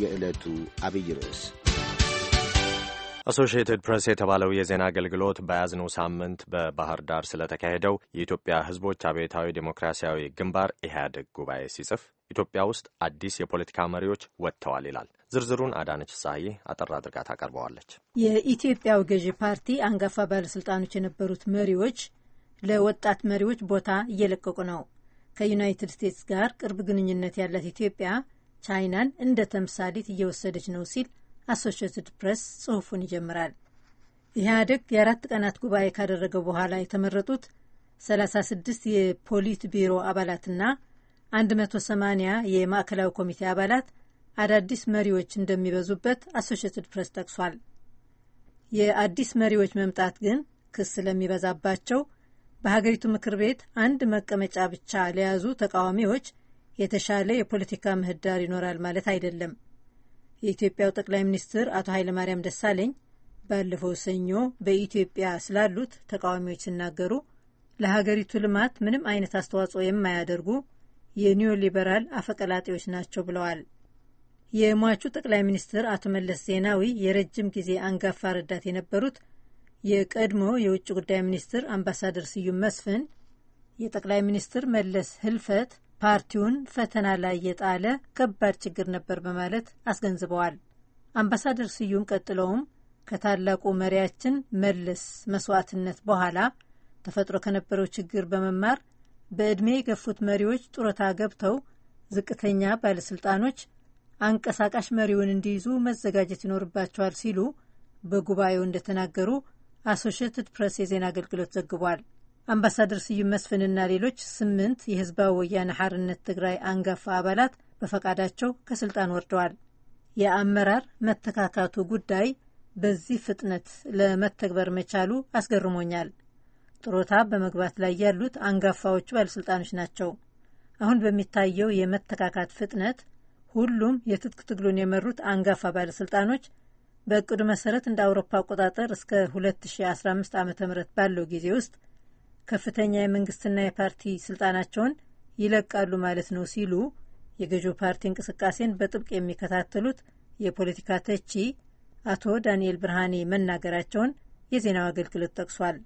የዕለቱ አብይ ርዕስ። አሶሺየትድ ፕሬስ የተባለው የዜና አገልግሎት በያዝነው ሳምንት በባህር ዳር ስለተካሄደው የኢትዮጵያ ሕዝቦች አብዮታዊ ዴሞክራሲያዊ ግንባር ኢህአዴግ ጉባኤ ሲጽፍ ኢትዮጵያ ውስጥ አዲስ የፖለቲካ መሪዎች ወጥተዋል ይላል። ዝርዝሩን አዳነች ሳዬ አጠር አድርጋ ታቀርበዋለች። የኢትዮጵያው ገዢ ፓርቲ አንጋፋ ባለስልጣኖች የነበሩት መሪዎች ለወጣት መሪዎች ቦታ እየለቀቁ ነው። ከዩናይትድ ስቴትስ ጋር ቅርብ ግንኙነት ያላት ኢትዮጵያ ቻይናን እንደ ተምሳሌት እየወሰደች ነው ሲል አሶሺየትድ ፕሬስ ጽሑፉን ይጀምራል። ኢህአደግ የአራት ቀናት ጉባኤ ካደረገ በኋላ የተመረጡት 36 የፖሊት ቢሮ አባላትና 180 የማዕከላዊ ኮሚቴ አባላት አዳዲስ መሪዎች እንደሚበዙበት አሶሽትድ ፕሬስ ጠቅሷል። የአዲስ መሪዎች መምጣት ግን ክስ ስለሚበዛባቸው በሀገሪቱ ምክር ቤት አንድ መቀመጫ ብቻ ለያዙ ተቃዋሚዎች የተሻለ የፖለቲካ ምህዳር ይኖራል ማለት አይደለም። የኢትዮጵያው ጠቅላይ ሚኒስትር አቶ ኃይለማርያም ደሳለኝ ባለፈው ሰኞ በኢትዮጵያ ስላሉት ተቃዋሚዎች ሲናገሩ ለሀገሪቱ ልማት ምንም አይነት አስተዋጽኦ የማያደርጉ የኒዮ ሊበራል አፈቀላጤዎች ናቸው ብለዋል። የሟቹ ጠቅላይ ሚኒስትር አቶ መለስ ዜናዊ የረጅም ጊዜ አንጋፋ ረዳት የነበሩት የቀድሞ የውጭ ጉዳይ ሚኒስትር አምባሳደር ስዩም መስፍን የጠቅላይ ሚኒስትር መለስ ህልፈት። ፓርቲውን ፈተና ላይ የጣለ ከባድ ችግር ነበር በማለት አስገንዝበዋል። አምባሳደር ስዩም ቀጥለውም ከታላቁ መሪያችን መለስ መስዋዕትነት በኋላ ተፈጥሮ ከነበረው ችግር በመማር በዕድሜ የገፉት መሪዎች ጡረታ ገብተው ዝቅተኛ ባለስልጣኖች አንቀሳቃሽ መሪውን እንዲይዙ መዘጋጀት ይኖርባቸዋል ሲሉ በጉባኤው እንደተናገሩ አሶሽትድ ፕሬስ የዜና አገልግሎት ዘግቧል። አምባሳደር ስዩም መስፍንና ሌሎች ስምንት የህዝባዊ ወያነ ሐርነት ትግራይ አንጋፋ አባላት በፈቃዳቸው ከስልጣን ወርደዋል። የአመራር መተካካቱ ጉዳይ በዚህ ፍጥነት ለመተግበር መቻሉ አስገርሞኛል። ጥሮታ በመግባት ላይ ያሉት አንጋፋዎቹ ባለሥልጣኖች ናቸው። አሁን በሚታየው የመተካካት ፍጥነት ሁሉም የትጥቅ ትግሉን የመሩት አንጋፋ ባለሥልጣኖች በእቅዱ መሰረት እንደ አውሮፓ አቆጣጠር እስከ 2015 ዓ ም ባለው ጊዜ ውስጥ ከፍተኛ የመንግስትና የፓርቲ ስልጣናቸውን ይለቃሉ ማለት ነው ሲሉ የገዢው ፓርቲ እንቅስቃሴን በጥብቅ የሚከታተሉት የፖለቲካ ተቺ አቶ ዳንኤል ብርሃኔ መናገራቸውን የዜናው አገልግሎት ጠቅሷል።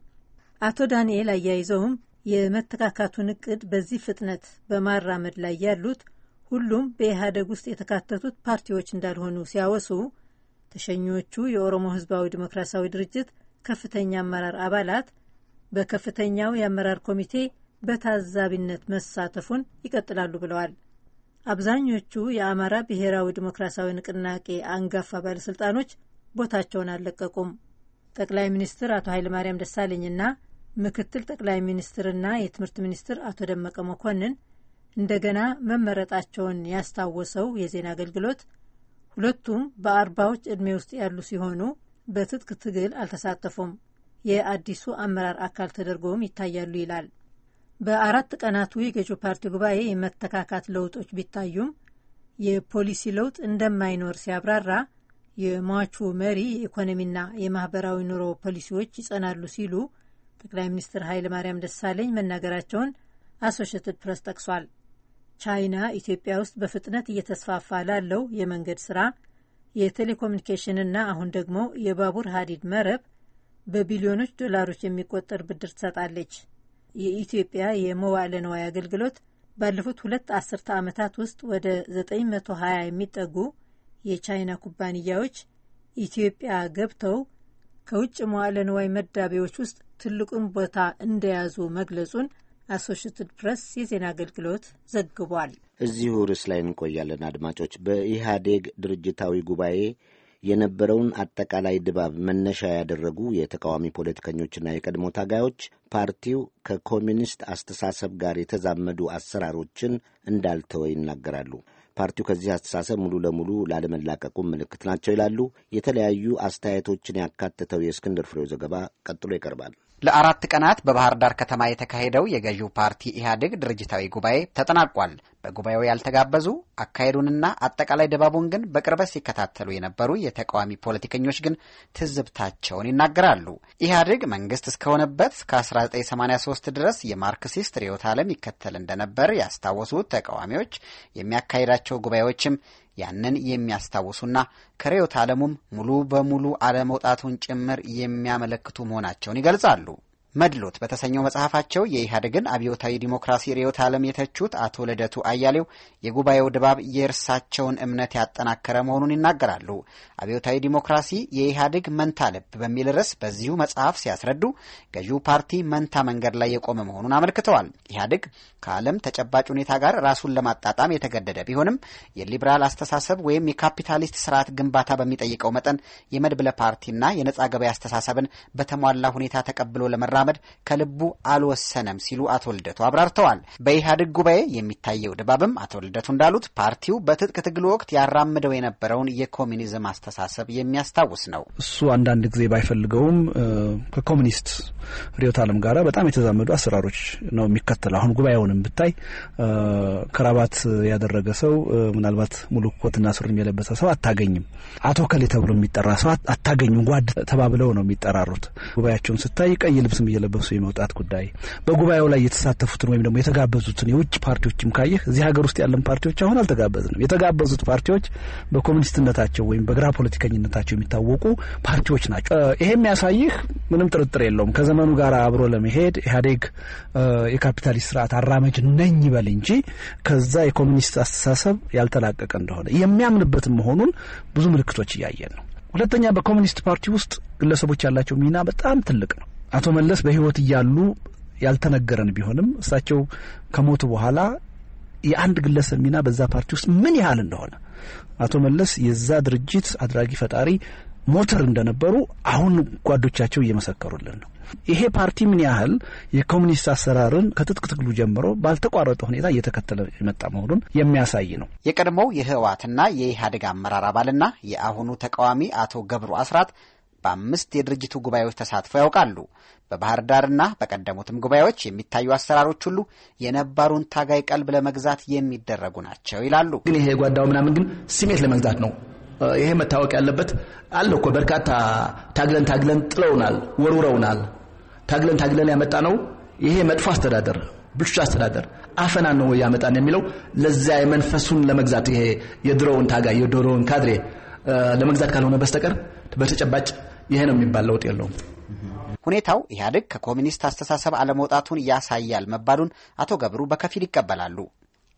አቶ ዳንኤል አያይዘውም የመተካካቱን እቅድ በዚህ ፍጥነት በማራመድ ላይ ያሉት ሁሉም በኢህአደግ ውስጥ የተካተቱት ፓርቲዎች እንዳልሆኑ ሲያወሱ ተሸኚዎቹ የኦሮሞ ህዝባዊ ዲሞክራሲያዊ ድርጅት ከፍተኛ አመራር አባላት በከፍተኛው የአመራር ኮሚቴ በታዛቢነት መሳተፉን ይቀጥላሉ ብለዋል። አብዛኞቹ የአማራ ብሔራዊ ዲሞክራሲያዊ ንቅናቄ አንጋፋ ባለሥልጣኖች ቦታቸውን አልለቀቁም። ጠቅላይ ሚኒስትር አቶ ኃይለማርያም ደሳለኝና ምክትል ጠቅላይ ሚኒስትርና የትምህርት ሚኒስትር አቶ ደመቀ መኮንን እንደገና መመረጣቸውን ያስታወሰው የዜና አገልግሎት ሁለቱም በአርባዎች ዕድሜ ውስጥ ያሉ ሲሆኑ በትጥቅ ትግል አልተሳተፉም። የአዲሱ አመራር አካል ተደርጎውም ይታያሉ ይላል። በአራት ቀናቱ የገዢው ፓርቲ ጉባኤ የመተካካት ለውጦች ቢታዩም የፖሊሲ ለውጥ እንደማይኖር ሲያብራራ የሟቹ መሪ የኢኮኖሚና የማህበራዊ ኑሮ ፖሊሲዎች ይጸናሉ ሲሉ ጠቅላይ ሚኒስትር ኃይለማርያም ደሳለኝ መናገራቸውን አሶሽትድ ፕሬስ ጠቅሷል። ቻይና ኢትዮጵያ ውስጥ በፍጥነት እየተስፋፋ ላለው የመንገድ ስራ፣ የቴሌኮሙኒኬሽንና አሁን ደግሞ የባቡር ሀዲድ መረብ በቢሊዮኖች ዶላሮች የሚቆጠር ብድር ትሰጣለች። የኢትዮጵያ የመዋዕለ ነዋይ አገልግሎት ባለፉት ሁለት አስርተ ዓመታት ውስጥ ወደ 920 የሚጠጉ የቻይና ኩባንያዎች ኢትዮጵያ ገብተው ከውጭ መዋዕለ ነዋይ መዳቢዎች ውስጥ ትልቁን ቦታ እንደያዙ መግለጹን አሶሽትድ ፕሬስ የዜና አገልግሎት ዘግቧል። እዚሁ ርዕስ ላይ እንቆያለን አድማጮች። በኢህአዴግ ድርጅታዊ ጉባኤ የነበረውን አጠቃላይ ድባብ መነሻ ያደረጉ የተቃዋሚ ፖለቲከኞችና የቀድሞ ታጋዮች ፓርቲው ከኮሚኒስት አስተሳሰብ ጋር የተዛመዱ አሰራሮችን እንዳልተወ ይናገራሉ። ፓርቲው ከዚህ አስተሳሰብ ሙሉ ለሙሉ ላለመላቀቁም ምልክት ናቸው ይላሉ። የተለያዩ አስተያየቶችን ያካተተው የእስክንድር ፍሬው ዘገባ ቀጥሎ ይቀርባል። ለአራት ቀናት በባህር ዳር ከተማ የተካሄደው የገዢው ፓርቲ ኢህአዴግ ድርጅታዊ ጉባኤ ተጠናቋል። በጉባኤው ያልተጋበዙ አካሄዱንና አጠቃላይ ድባቡን ግን በቅርበት ሲከታተሉ የነበሩ የተቃዋሚ ፖለቲከኞች ግን ትዝብታቸውን ይናገራሉ። ኢህአዴግ መንግስት እስከሆነበት እስከ 1983 ድረስ የማርክሲስት ርዕዮተ ዓለም ይከተል እንደነበር ያስታወሱት ተቃዋሚዎች የሚያካሂዳቸው ጉባኤዎችም ያንን የሚያስታውሱና ከርዕዮተ ዓለሙም ሙሉ በሙሉ አለመውጣቱን ጭምር የሚያመለክቱ መሆናቸውን ይገልጻሉ። መድሎት በተሰኘው መጽሐፋቸው የኢህአዴግን አብዮታዊ ዲሞክራሲ ርዕዮተ ዓለም የተቹት አቶ ልደቱ አያሌው የጉባኤው ድባብ የእርሳቸውን እምነት ያጠናከረ መሆኑን ይናገራሉ። አብዮታዊ ዲሞክራሲ የኢህአዴግ መንታ ልብ በሚል ርዕስ በዚሁ መጽሐፍ ሲያስረዱ ገዢው ፓርቲ መንታ መንገድ ላይ የቆመ መሆኑን አመልክተዋል። ኢህአዴግ ከዓለም ተጨባጭ ሁኔታ ጋር ራሱን ለማጣጣም የተገደደ ቢሆንም የሊበራል አስተሳሰብ ወይም የካፒታሊስት ስርዓት ግንባታ በሚጠይቀው መጠን የመድብለ ፓርቲና የነጻ ገበያ አስተሳሰብን በተሟላ ሁኔታ ተቀብሎ ለመራ ለመራመድ ከልቡ አልወሰነም ሲሉ አቶ ልደቱ አብራርተዋል። በኢህአዴግ ጉባኤ የሚታየው ድባብም አቶ ልደቱ እንዳሉት ፓርቲው በትጥቅ ትግል ወቅት ያራምደው የነበረውን የኮሚኒዝም አስተሳሰብ የሚያስታውስ ነው። እሱ አንዳንድ ጊዜ ባይፈልገውም ከኮሚኒስት ርዕዮተ ዓለም ጋር በጣም የተዛመዱ አሰራሮች ነው የሚከተለ አሁን ጉባኤውንም ብታይ ክራባት ያደረገ ሰው ምናልባት ሙሉ ኮትና ሱሪም የለበሰ ሰው አታገኝም። አቶ ከሌ ተብሎ የሚጠራ ሰው አታገኙም። ጓድ ተባብለው ነው የሚጠራሩት። ጉባኤያቸውን ስታይ ቀይ ልብስ እየለበሱ የመውጣት ጉዳይ በጉባኤው ላይ የተሳተፉትን ወይም ደግሞ የተጋበዙትን የውጭ ፓርቲዎችም ካየህ እዚህ ሀገር ውስጥ ያለን ፓርቲዎች አሁን አልተጋበዝንም። የተጋበዙት ፓርቲዎች በኮሚኒስትነታቸው ወይም በግራ ፖለቲከኝነታቸው የሚታወቁ ፓርቲዎች ናቸው። ይሄ የሚያሳይህ ምንም ጥርጥር የለውም ከዘመኑ ጋር አብሮ ለመሄድ ኢህአዴግ የካፒታሊስት ስርዓት አራመጅ ነኝ ይበል እንጂ ከዛ የኮሚኒስት አስተሳሰብ ያልተላቀቀ እንደሆነ የሚያምንበትም መሆኑን ብዙ ምልክቶች እያየን ነው። ሁለተኛ በኮሚኒስት ፓርቲ ውስጥ ግለሰቦች ያላቸው ሚና በጣም ትልቅ ነው። አቶ መለስ በህይወት እያሉ ያልተነገረን ቢሆንም እሳቸው ከሞቱ በኋላ የአንድ ግለሰብ ሚና በዛ ፓርቲ ውስጥ ምን ያህል እንደሆነ አቶ መለስ የዛ ድርጅት አድራጊ ፈጣሪ ሞተር እንደነበሩ አሁን ጓዶቻቸው እየመሰከሩልን ነው። ይሄ ፓርቲ ምን ያህል የኮሚኒስት አሰራርን ከትጥቅ ትግሉ ጀምሮ ባልተቋረጠ ሁኔታ እየተከተለ የመጣ መሆኑን የሚያሳይ ነው። የቀድሞው የህወሓትና የኢህአዴግ አመራር አባልና የአሁኑ ተቃዋሚ አቶ ገብሩ አስራት በአምስት የድርጅቱ ጉባኤዎች ተሳትፎ ያውቃሉ። በባህር ዳርና በቀደሙትም ጉባኤዎች የሚታዩ አሰራሮች ሁሉ የነባሩን ታጋይ ቀልብ ለመግዛት የሚደረጉ ናቸው ይላሉ። ግን ይሄ የጓዳው ምናምን ግን ስሜት ለመግዛት ነው። ይሄ መታወቅ ያለበት አለ እኮ በርካታ ታግለን ታግለን ጥለውናል፣ ወርውረውናል። ታግለን ታግለን ያመጣ ነው ይሄ መጥፎ አስተዳደር ብልሹ አስተዳደር አፈና ነው ያመጣን የሚለው ለዚያ የመንፈሱን ለመግዛት ይሄ የድሮውን ታጋይ የድሮውን ካድሬ ለመግዛት ካልሆነ በስተቀር በተጨባጭ ይሄ ነው የሚባል ለውጥ የለውም። ሁኔታው ኢህአዴግ ከኮሚኒስት አስተሳሰብ አለመውጣቱን ያሳያል መባሉን አቶ ገብሩ በከፊል ይቀበላሉ።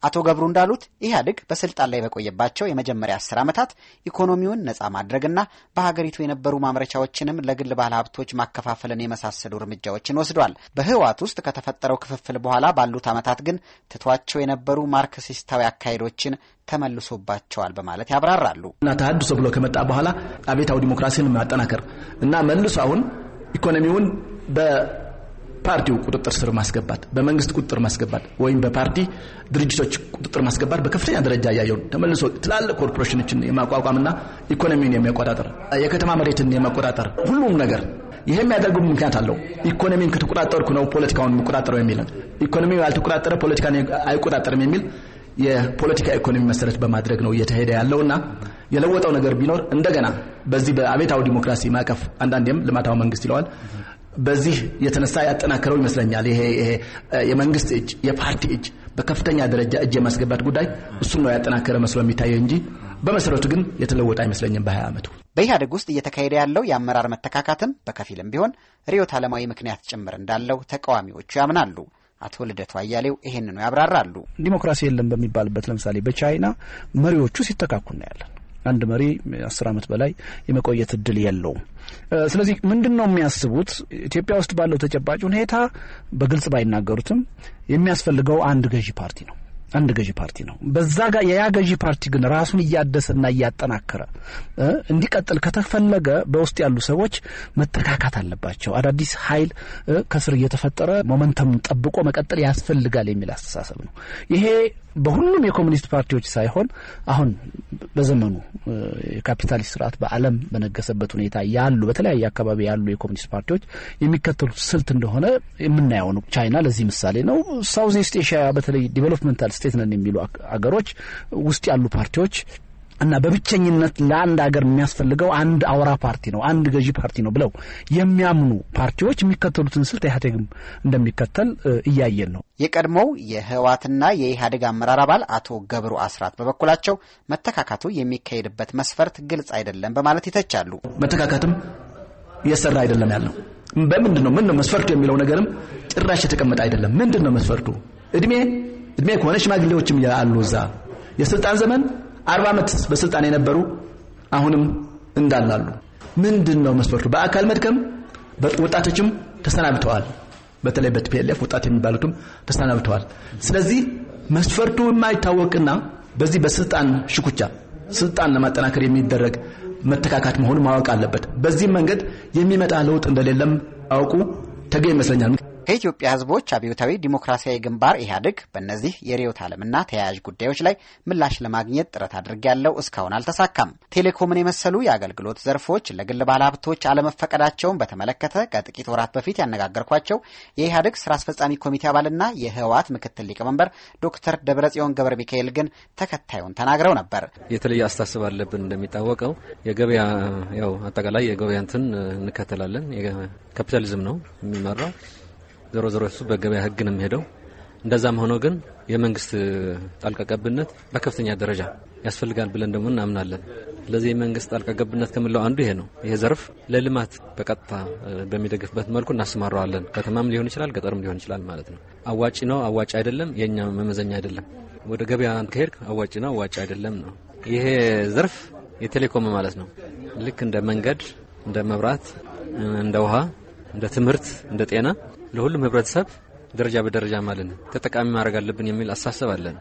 አቶ ገብሩ እንዳሉት ኢህአዴግ በስልጣን ላይ በቆየባቸው የመጀመሪያ አስር ዓመታት ኢኮኖሚውን ነጻ ማድረግና በሀገሪቱ የነበሩ ማምረቻዎችንም ለግል ባለሀብቶች ማከፋፈልን የመሳሰሉ እርምጃዎችን ወስዷል። በህወሓት ውስጥ ከተፈጠረው ክፍፍል በኋላ ባሉት ዓመታት ግን ትቷቸው የነበሩ ማርክሲስታዊ አካሄዶችን ተመልሶባቸዋል በማለት ያብራራሉ። እና ተሀድሶ ብሎ ከመጣ በኋላ አቤታዊ ዲሞክራሲን ማጠናከር እና መልሶ አሁን ኢኮኖሚውን ፓርቲው ቁጥጥር ስር ማስገባት፣ በመንግስት ቁጥጥር ማስገባት ወይም በፓርቲ ድርጅቶች ቁጥጥር ማስገባት በከፍተኛ ደረጃ እያየው ተመልሶ ትላልቅ ኮርፖሬሽኖችን የማቋቋምና ኢኮኖሚውን የሚቆጣጠር የከተማ መሬትን የመቆጣጠር ሁሉም ነገር ይሄ የሚያደርጉ ምክንያት አለው። ኢኮኖሚን ከተቆጣጠርኩ ነው ፖለቲካውን የሚቆጣጠረው የሚል ኢኮኖሚ ያልተቆጣጠረ ፖለቲካን አይቆጣጠርም የሚል የፖለቲካ ኢኮኖሚ መሰረት በማድረግ ነው እየተሄደ ያለውና የለወጠው ነገር ቢኖር እንደገና በዚህ በአቤታዊ ዲሞክራሲ ማዕቀፍ አንዳንዴም ልማታዊ መንግስት ይለዋል በዚህ የተነሳ ያጠናከረው ይመስለኛል። ይሄ የመንግስት እጅ የፓርቲ እጅ በከፍተኛ ደረጃ እጅ የማስገባት ጉዳይ እሱን ነው ያጠናከረ መስሎ የሚታየው እንጂ በመሰረቱ ግን የተለወጠ አይመስለኝም። በሀያ ዓመቱ በኢህአዴግ ውስጥ እየተካሄደ ያለው የአመራር መተካካትም በከፊልም ቢሆን ርዕዮተ ዓለማዊ ምክንያት ጭምር እንዳለው ተቃዋሚዎቹ ያምናሉ። አቶ ልደቱ አያሌው ይህንኑ ያብራራሉ። ዲሞክራሲ የለም በሚባልበት ለምሳሌ በቻይና መሪዎቹ ሲተካኩ እናያለን። አንድ መሪ አስር ዓመት በላይ የመቆየት እድል የለውም። ስለዚህ ምንድን ነው የሚያስቡት? ኢትዮጵያ ውስጥ ባለው ተጨባጭ ሁኔታ በግልጽ ባይናገሩትም የሚያስፈልገው አንድ ገዢ ፓርቲ ነው። አንድ ገዢ ፓርቲ ነው። በዛ ጋር ያ ገዢ ፓርቲ ግን ራሱን እያደሰና እያጠናከረ እንዲቀጥል ከተፈለገ በውስጥ ያሉ ሰዎች መተካካት አለባቸው። አዳዲስ ኃይል ከስር እየተፈጠረ ሞመንተም ጠብቆ መቀጠል ያስፈልጋል የሚል አስተሳሰብ ነው። ይሄ በሁሉም የኮሚኒስት ፓርቲዎች ሳይሆን አሁን በዘመኑ የካፒታሊስት ስርዓት በዓለም በነገሰበት ሁኔታ ያሉ በተለያየ አካባቢ ያሉ የኮሚኒስት ፓርቲዎች የሚከተሉት ስልት እንደሆነ የምናየው ነው። ቻይና ለዚህ ምሳሌ ነው። ሳውዝ ኢስት ኤሽያ በተለይ ዲቨሎፕመንታል ስቴት ነን የሚሉ አገሮች ውስጥ ያሉ ፓርቲዎች እና በብቸኝነት ለአንድ ሀገር የሚያስፈልገው አንድ አውራ ፓርቲ ነው፣ አንድ ገዢ ፓርቲ ነው ብለው የሚያምኑ ፓርቲዎች የሚከተሉትን ስልት ኢህአዴግም እንደሚከተል እያየን ነው። የቀድሞው የህወሓትና የኢህአዴግ አመራር አባል አቶ ገብሩ አስራት በበኩላቸው መተካካቱ የሚካሄድበት መስፈርት ግልጽ አይደለም በማለት ይተቻሉ። መተካካትም የሰራ አይደለም ያለው በምንድን ነው? ምን ነው መስፈርቱ የሚለው ነገርም ጭራሽ የተቀመጠ አይደለም። ምንድን ነው መስፈርቱ? እድሜ እድሜ ከሆነ ሽማግሌዎችም አሉ እዛ። የስልጣን ዘመን አርባ ዓመት በስልጣን የነበሩ አሁንም እንዳላሉ ምንድን ነው መስፈርቱ? በአካል መድከም ወጣቶችም ተሰናብተዋል። በተለይ በቲፒኤልኤፍ ወጣት የሚባሉትም ተሰናብተዋል። ስለዚህ መስፈርቱ የማይታወቅና በዚህ በስልጣን ሽኩቻ ስልጣን ለማጠናከር የሚደረግ መተካካት መሆኑ ማወቅ አለበት። በዚህም መንገድ የሚመጣ ለውጥ እንደሌለም አውቁ ተገኝ ይመስለኛል። የኢትዮጵያ ህዝቦች አብዮታዊ ዲሞክራሲያዊ ግንባር ኢህአዴግ በእነዚህ የርዕዮተ ዓለምና ተያያዥ ጉዳዮች ላይ ምላሽ ለማግኘት ጥረት አድርጌያለሁ፣ እስካሁን አልተሳካም። ቴሌኮምን የመሰሉ የአገልግሎት ዘርፎች ለግል ባለሀብቶች አለመፈቀዳቸውን በተመለከተ ከጥቂት ወራት በፊት ያነጋገርኳቸው የኢህአዴግ ስራ አስፈጻሚ ኮሚቴ አባልና የህወሓት ምክትል ሊቀመንበር ዶክተር ደብረጽዮን ገብረ ሚካኤል ግን ተከታዩን ተናግረው ነበር። የተለየ አስተሳሰብ አለብን። እንደሚታወቀው የገበያ ያው አጠቃላይ የገበያ እንትን እንከተላለን። ካፒታሊዝም ነው የሚመራው ዞሮ ዞሮ እሱ በገበያ ህግ ነው የሚሄደው። እንደዛም ሆኖ ግን የመንግስት ጣልቃ ገብነት በከፍተኛ ደረጃ ያስፈልጋል ብለን ደግሞ እናምናለን። ስለዚህ የመንግስት ጣልቃ ገብነት ከምለው አንዱ ይሄ ነው። ይሄ ዘርፍ ለልማት በቀጥታ በሚደግፍበት መልኩ እናስማረዋለን። ከተማም ሊሆን ይችላል፣ ገጠርም ሊሆን ይችላል ማለት ነው። አዋጭ ነው አዋጭ አይደለም የእኛ መመዘኛ አይደለም። ወደ ገበያ ከሄድክ አዋጭ ነው አዋጭ አይደለም ነው። ይሄ ዘርፍ የቴሌኮም ማለት ነው። ልክ እንደ መንገድ፣ እንደ መብራት፣ እንደ ውሃ፣ እንደ ትምህርት፣ እንደ ጤና ለሁሉም ህብረተሰብ ደረጃ በደረጃ ማለት ነው ተጠቃሚ ማድረግ አለብን የሚል አሳሰብ አለን።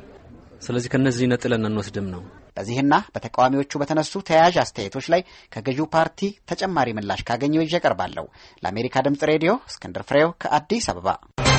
ስለዚህ ከነዚህ ነጥለን እንወስድም ነው። በዚህና በተቃዋሚዎቹ በተነሱ ተያያዥ አስተያየቶች ላይ ከገዢው ፓርቲ ተጨማሪ ምላሽ ካገኘው ይዤ እቀርባለሁ። ለአሜሪካ ድምጽ ሬዲዮ እስክንድር ፍሬው ከአዲስ አበባ